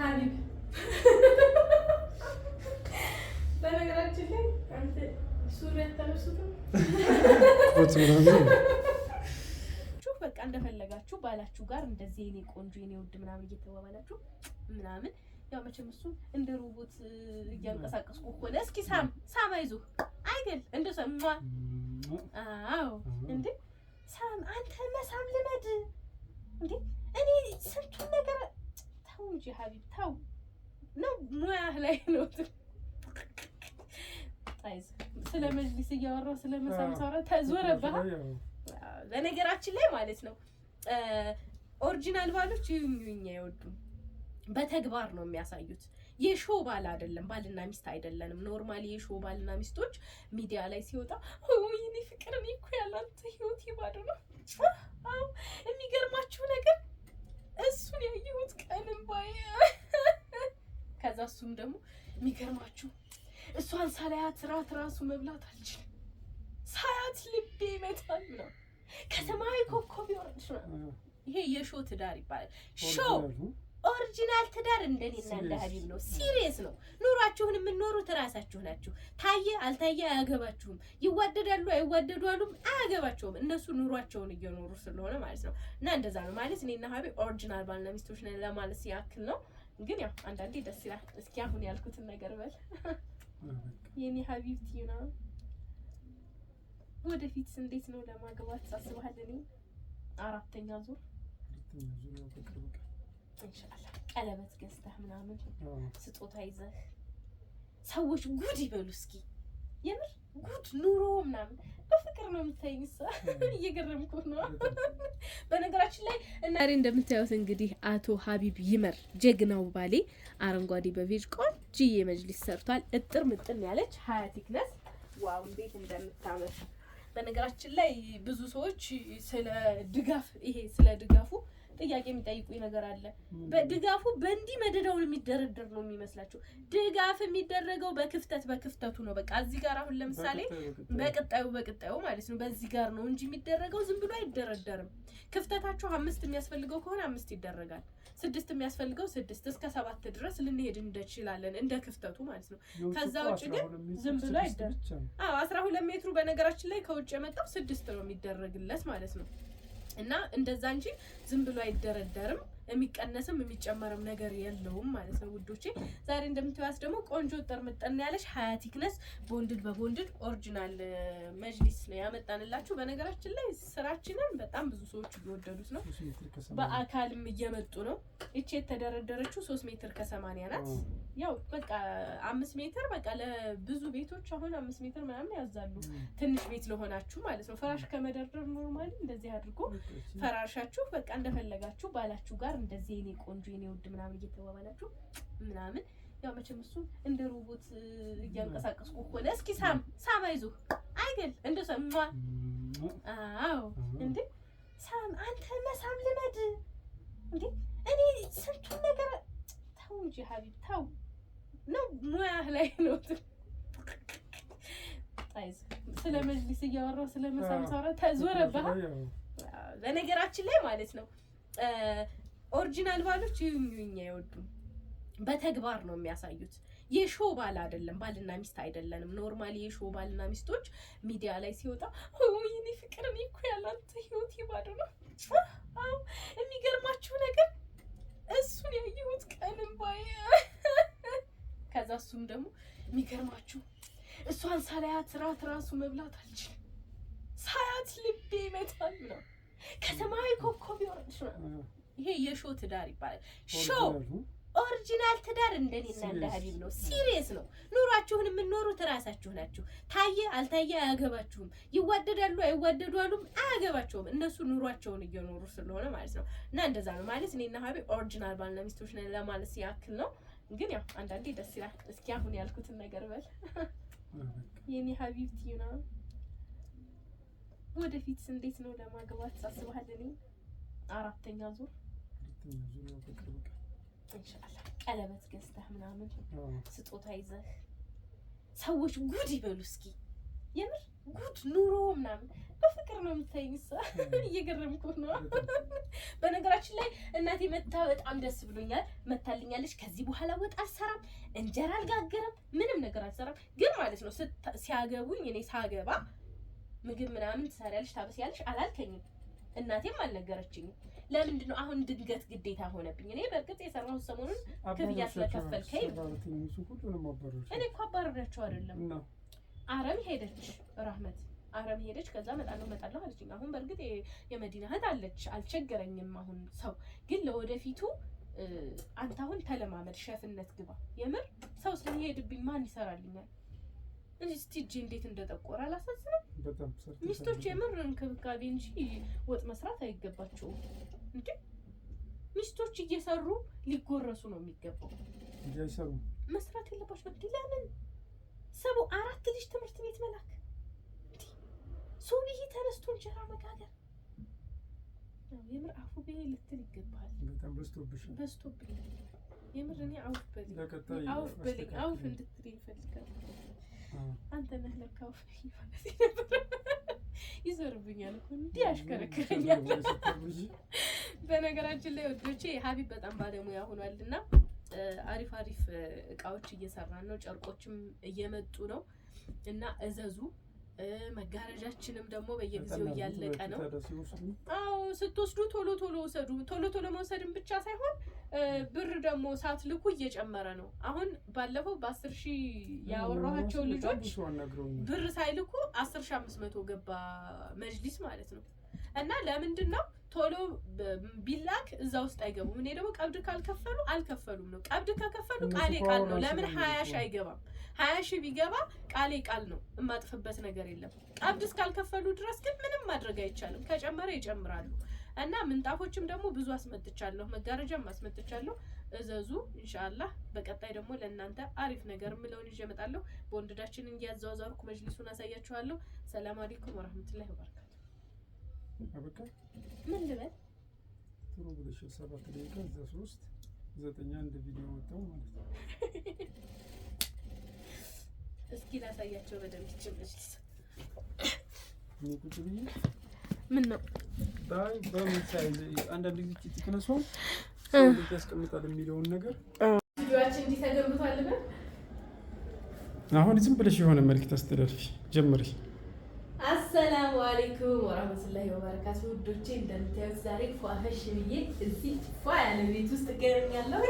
ሀቢብ በነገራችን ላይ አንተ በቃ እንደፈለጋችሁ ባላችሁ ጋር እንደዚህ የኔ ቆንጆ የኔ ውድ ምናምን እየተባባላችሁ ምናምን ያው መቼም እሱ እንደ ሮቦት እያንቀሳቀስኩ ሆነ። እስኪ ሳም ሳም አይዞህ አይገል እንደ ሰማ አዎ፣ እንዴ ሳም አንተ መሳም ልመድ እንዴ እኔ ስንቱን ነገር ተው እንጂ ሀቢብ ተው ነው ሙያህ ላይ ነው። ስለ መጅሊስ እያወራሁ ስለ መሳም ሳወራ ተዞረብህ። በነገራችን ላይ ማለት ነው ኦሪጂናል ባሎች ይሁኙኛ አይወዱም። በተግባር ነው የሚያሳዩት። የሾ ባል አይደለም፣ ባልና ሚስት አይደለንም። ኖርማሊ የሾ ባልና ሚስቶች ሚዲያ ላይ ሲወጣ ወይኔ ፍቅር እኔ እኮ ያላንተ ህይወት ይባዱ ነው እሱም ደግሞ የሚገርማችሁ እሷን ሳላያት ራት ራሱ መብላት አልችልም። ሳያት ልቤ ይመታል ነው ከሰማይ ኮከብ ይወርድ ነው። ይሄ የሾ ትዳር ይባላል። ሾ ኦሪጂናል ትዳር እንደኔ እንደ ሀቢብ ነው። ሲሪየስ ነው። ኑሯችሁን የምትኖሩት እራሳችሁ ናችሁ። ታየ አልታየ አያገባችሁም። ይዋደዳሉ አይዋደዷሉም አያገባቸውም። እነሱ ኑሯቸውን እየኖሩ ስለሆነ ማለት ነው። እና እንደዛ ነው ማለት እኔና ሀቢብ ኦሪጂናል ባልና ሚስቶች ነን ለማለት ያክል ነው። ግን ያው አንዳንዴ ደስ ይላል። እስኪ አሁን ያልኩትን ነገር በል የኔ ሀቢብቲ ነው። ወደፊት እንዴት ነው ለማግባት ሳስበሃል? እኔ አራተኛ ዙር ኢንሻላህ ቀለበት ገዝተህ ምናምን ስጦታ ይዘህ ሰዎች ጉድ ይበሉ እስኪ የምር ጉድ ኑሮ ምናምን ነው የምታይኝ። እየገረምኩ ነው። በነገራችን ላይ ዛሬ እንደምታዩት እንግዲህ አቶ ሀቢብ ይመር ጀግናው ባሌ አረንጓዴ በቤጅ ቆንጅዬ መጅሊስ ሰርቷል። እጥር ምጥን ያለች ሀያ ቲክነስ ዋው! እንዴት እንደምታምር በነገራችን ላይ ብዙ ሰዎች ስለ ድጋፍ ይሄ ስለ ድጋፉ ጥያቄ የሚጠይቁ ነገር አለ። ድጋፉ በእንዲህ መደዳውን የሚደረደር ነው የሚመስላችሁ? ድጋፍ የሚደረገው በክፍተት በክፍተቱ ነው። በቃ እዚህ ጋር አሁን ለምሳሌ በቅጣዩ በቅጣዩ ማለት ነው በዚህ ጋር ነው እንጂ የሚደረገው ዝም ብሎ አይደረደርም። ክፍተታችሁ አምስት የሚያስፈልገው ከሆነ አምስት ይደረጋል። ስድስት የሚያስፈልገው ስድስት እስከ ሰባት ድረስ ልንሄድ እንደችላለን እንደ ክፍተቱ ማለት ነው። ከዛ ውጭ ግን ዝም ብሎ አይደረግ። አስራ ሁለት ሜትሩ በነገራችን ላይ ከውጭ የመጣው ስድስት ነው የሚደረግለት ማለት ነው። እና እንደዛ እንጂ ዝም ብሎ አይደረደርም። የሚቀነስም የሚጨመርም ነገር የለውም ማለት ነው ውዶቼ። ዛሬ እንደምትዋስ ደግሞ ቆንጆ ጠርምጠን ያለች ሀያ ቲክነስ ቦንድድ በቦንድድ ኦሪጂናል መጅሊስ ነው ያመጣንላችሁ። በነገራችን ላይ ስራችንን በጣም ብዙ ሰዎች እየወደዱት ነው። በአካልም እየመጡ ነው። ይቺ የተደረደረችው ሶስት ሜትር ከሰማንያ ናት። ያው በቃ አምስት ሜትር በቃ ለብዙ ቤቶች አሁን አምስት ሜትር ምናምን ያዛሉ። ትንሽ ቤት ለሆናችሁ ማለት ነው። ፍራሽ ከመደርደር ኖርማሊ እንደዚህ አድርጎ ፈራርሻችሁ በቃ እንደፈለጋችሁ ባላችሁ ጋር እንደዚህ የኔ ቆንጆ የኔ ውድ ምናምን እየተባባላችሁ ምናምን ያው መቼም እሱ እንደ ሮቦት እያንቀሳቀስኩ ሆነ። እስኪ ሳም ሳም አይዞህ አይገል እንደ ሰማ አዎ፣ እንዴ ሳም አንተ መሳም ልመድ እንዴ እኔ ስንቱን ነገር ተው እንጂ ሀቢብ ተው። ነው ሙያህ ላይ ነው። ስለ መጅሊስ እያወራሁ ስለ መሳምሳራ በነገራችን ላይ ማለት ነው ኦሪጂናል ባሎች አይወዱም። በተግባር ነው የሚያሳዩት። የሾ ባል አይደለም፣ ባልና ሚስት አይደለንም። ኖርማሊ የሾ ባልና ሚስቶች ሚዲያ ላይ ሲወጣ ወይኔ ፍቅር፣ እኔ እኮ ያላንተ ህይወት ነው። የሚገርማችሁ ነገር እሱን ያየሁት ቀንም ባይ ከዛ እሱም ደግሞ የሚገርማችሁ እሷን ሳላያት ራት ራሱ መብላት አልችልም። ሳያት ልቤ ይመታል ነው ከሰማይ ኮከብ ይወርድሽ ነው። ይሄ የሾ ትዳር ይባላል። ሾ ኦሪጂናል ትዳር እንደኔና እንደ ሀቢብ ነው። ሲሪየስ ነው። ኑሯችሁን የምንኖሩት እራሳችሁ ናችሁ። ታየ አልታየ አያገባችሁም። ይዋደዳሉ አይዋደዷሉም አያገባቸውም። እነሱ ኑሯቸውን እየኖሩ ስለሆነ ማለት ነው። እና እንደዛ ነው ማለት እኔና ሀቢብ ኦሪጂናል ባልና ሚስቶች ነን ለማለት ያክል ነው። ግን ያው አንዳንዴ ደስ ይላል። እስኪ አሁን ያልኩትን ነገር በል የኔ ሀቢብቲ ምናምን ወደፊት እንዴት ነው ለማግባት ሳስበሃል? እኔ አራተኛ ዙር ኢንሻላህ ቀለበት ገዝተህ ምናምን ስጦታ ይዘህ ሰዎች ጉድ ይበሉ እስኪ የምር ጉድ ኑሮ ምናምን በፍቅር ነው የምታይኝ። እሷ እየገረምኩ ነው። በነገራችን ላይ እናቴ መታ በጣም ደስ ብሎኛል። መታልኛለች። ከዚህ በኋላ ወጥ አልሰራም፣ እንጀራ አልጋገርም፣ ምንም ነገር አልሰራም። ግን ማለት ነው ሲያገቡኝ እኔ ሳገባ ምግብ ምናምን ትሰሪያለሽ፣ ታበስያለሽ አላልከኝም። እናቴም አልነገረችኝም። ለምንድን ነው አሁን ድንገት ግዴታ ሆነብኝ? እኔ በእርግጥ የሰራሁት ሰሞኑን ክፍያ ስለከፈልከኝ እኔ እኮ አባረሪያቸው አይደለም አረም ሄደች ራህመት አረም ሄደች። ከዛ መጣለሁ መጣለሁ አለችኝ። አሁን በእርግጥ የመዲና እህት አለች፣ አልቸገረኝም። አሁን ሰው ግን ለወደፊቱ አንተ አሁን ተለማመድ፣ ሸፍነት ግባ። የምር ሰው ስለሚሄድብኝ ማን ይሰራልኛል? እስቲ እጄ እንዴት እንደጠቆረ አላሳዝንም። ሚስቶች የምር እንክብካቤ እንጂ ወጥ መስራት አይገባቸውም። እንደ ሚስቶች እየሰሩ ሊጎረሱ ነው የሚገባው። መስራት የለባቸው ለምን ሰቡ አራት ልጅ ትምህርት ቤት መላክ ሱብሂ ተነስቶ እንጀራ መጋገር የምር አፉ ብዬ ልትል ይገባል። በጣም የምር እኔ አውፍ በልኝ፣ አውፍ በልኝ፣ አውፍ እንድትል ይፈልጋል። አንተ ነህ ለካ አውፍ እኮ እንዲህ ያሽከረክረኛል። በነገራችን ላይ ወዶቼ ሀቢብ በጣም ባለሙያ ሆኗል እና አሪፍ አሪፍ እቃዎች እየሰራን ነው። ጨርቆችም እየመጡ ነው እና እዘዙ። መጋረጃችንም ደግሞ በየጊዜው እያለቀ ነው። አዎ ስትወስዱ ቶሎ ቶሎ ውሰዱ። ቶሎ ቶሎ መውሰድን ብቻ ሳይሆን ብር ደግሞ ሳትልኩ እየጨመረ ነው። አሁን ባለፈው በአስር ሺህ ያወራኋቸው ልጆች ብር ሳይልኩ አስር ሺህ አምስት መቶ ገባ መጅሊስ ማለት ነው። እና ለምንድን ነው ቶሎ ቢላክ እዛ ውስጥ አይገቡም። እኔ ደግሞ ቀብድ ካልከፈሉ አልከፈሉም ነው። ቀብድ ከከፈሉ ቃሌ ቃል ነው። ለምን ሀያ ሺ አይገባም? ሀያ ሺ ቢገባ ቃሌ ቃል ነው። እማጥፍበት ነገር የለም። ቀብድ እስካልከፈሉ ድረስ ግን ምንም ማድረግ አይቻልም። ከጨመረ ይጨምራሉ። እና ምንጣፎችም ደግሞ ብዙ አስመጥቻለሁ፣ መጋረጃም አስመጥቻለሁ። እዘዙ ኢንሻአላህ። በቀጣይ ደግሞ ለእናንተ አሪፍ ነገር ምለውን ይዤ እመጣለሁ። በወንድዳችን እያዘዋዛርኩ መጅሊሱን አሳያችኋለሁ። ሰላም አለይኩም ወረህመቱላሂ ወበረካቱ። አበቃ። ምን ልበል? ጥሩ ብለሽ ሰባት ደቂቃ እዛ ሶስት ዘጠኝ አንድ ቪዲዮ ወጣው ማለት ነው። እስኪ ላሳያቸው በደንብ ይችላል። ቁጭ ብዬ ምን ነው በምን ሳይዝ አንዳንድ ጊዜ ቲክነሷ እንዴት ያስቀምጣል የሚለውን ነገር አሁን ዝም ብለሽ የሆነ መልክ አስተላልፊ ጀምሪ። አሰላሙ አሌይኩም ወራህመቱላሂ ወበረካቱ ውዶቼ፣ እንደምታዩት ዛሬ ፏፈሽ ብዬ እዚህ ፏ ያለ ቤት ውስጥ እገኛለሁ።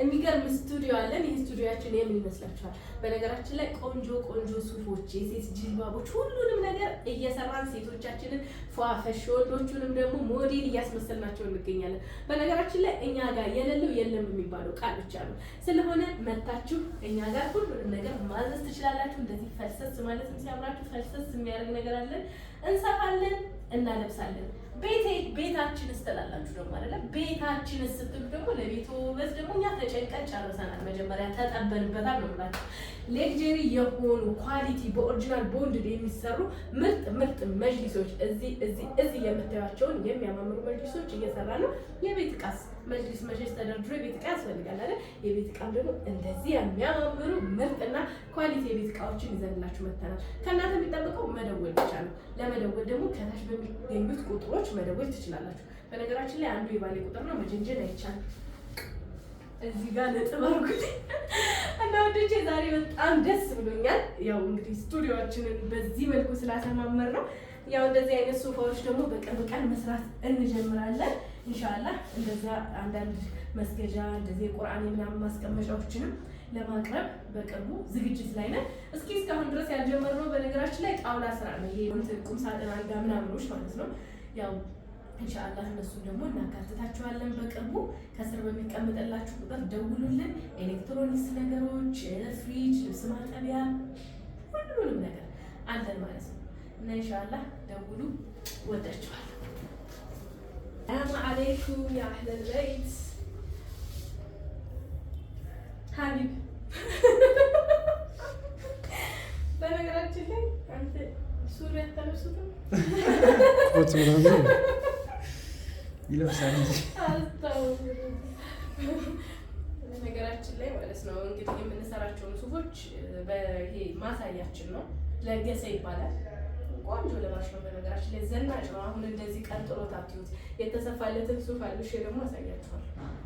የሚገርም ስቱዲዮ አለን። ይህ ስቱዲዮያችን የምን ይመስላችኋል? በነገራችን ላይ ቆንጆ ቆንጆ ሱፎች፣ የሴት ጅልባቦች፣ ሁሉንም ነገር እየሰራን ሴቶቻችንን ፏፈሽ ወንዶቹንም ደግሞ ሞዴል እያስመሰልናቸው እንገኛለን። በነገራችን ላይ እኛ ጋር የሌለው የለም የሚባለው ቃሎች አሉ። ስለሆነ መታችሁ እኛ ጋር ሁሉንም ነገር ማዘዝ ትችላላችሁ። እንደዚህ ፈልሰስ ማለትም ሲያምራችሁ ፈልሰስ የሚያደርግ ነገር አለን እንሰፋለን፣ እናለብሳለን። ቤቴ ቤታችን ስትላላችሁ ደግሞ አይደለም ቤታችን እስትሉ ደግሞ ለቤቱ ውበት ደግሞ እኛ ተጨንቀን ጨርሰናል። መጀመሪያ ተጠበንበታል ነው ብላችሁ ሌክጀሪ የሆኑ ኳሊቲ በኦሪጂናል ቦንድ የሚሰሩ ምርጥ ምርጥ መጅሊሶች እዚህ እዚህ እዚህ የምታያቸውን የሚያማምሩ መጅሊሶች እየሰራ ነው የቤት ቃስ መጅሊስ መሸሽ ተደርድሮ የቤት እቃ ያስፈልጋል አይደል? የቤት ዕቃም ደግሞ እንደዚህ የሚያማምሩ ምርጥና ኳሊቲ የቤት እቃዎችን ይዘንላችሁ መተናል። ከእናንተ የሚጠበቀው መደወል ብቻ ነው። ለመደወል ደግሞ ከታች በሚገኙት ቁጥሮች መደወል ትችላላችሁ። በነገራችን ላይ አንዱ የባሌ ቁጥር ነው። መጀንጀን አይቻልም። እዚህ ጋር ነጥብ አድርጉት እና ወንዶቼ ዛሬ በጣም ደስ ብሎኛል። ያው እንግዲህ ስቱዲዮችንን በዚህ መልኩ ስላሰማመር ነው። ያው እንደዚህ አይነት ሶፋዎች ደግሞ በቅርብ ቀን መስራት እንጀምራለን። ኢንሻአላህ እንደዛ አንዳንድ መስገጃ እንደዚህ የቁርአን ምናምን ማስቀመጫዎችንም ለማቅረብ በቅርቡ ዝግጅት ላይ ነን። እስኪ እስካሁን ድረስ ያልጀመርነው በነገራችን ላይ ጣውላ ስራ ነው። ይሄ ቁም ሳጥን አልጋ ምናምኖች ማለት ነው። ያው ኢንሻአላህ እነሱን ደግሞ እናካትታችኋለን በቅርቡ። ከስር በሚቀመጥላችሁ ቁጥር ደውሉልን። ኤሌክትሮኒክስ ነገሮች፣ ፍሪጅ፣ ልብስ ማጠቢያ፣ ሁሉንም ነገር አለን ማለት ነው እና ኢንሻአላህ ደውሉ። ወዳችኋል። ሰላሙ አለይኩም የአህለል በይት ሀቢብ። በነገራችን ላይ አንተ ሱሪ አታለብሱትም? ኮት ምናምን ይለብሳል እንጂ ነገራችን ላይ ማለት ነው። እንግዲህ የምንሰራቸውን ሱፎች በይሄ ማሳያችን ነው። ለገሰ ይባላል ቆንጆ ለባሽ ነው። በነገራችን ላይ ዘናጭ ነው። አሁን እንደዚህ ቀን አትዩት። የተሰፋለትን ሱፍ አልብሼ ደግሞ አሳያችኋለሁ።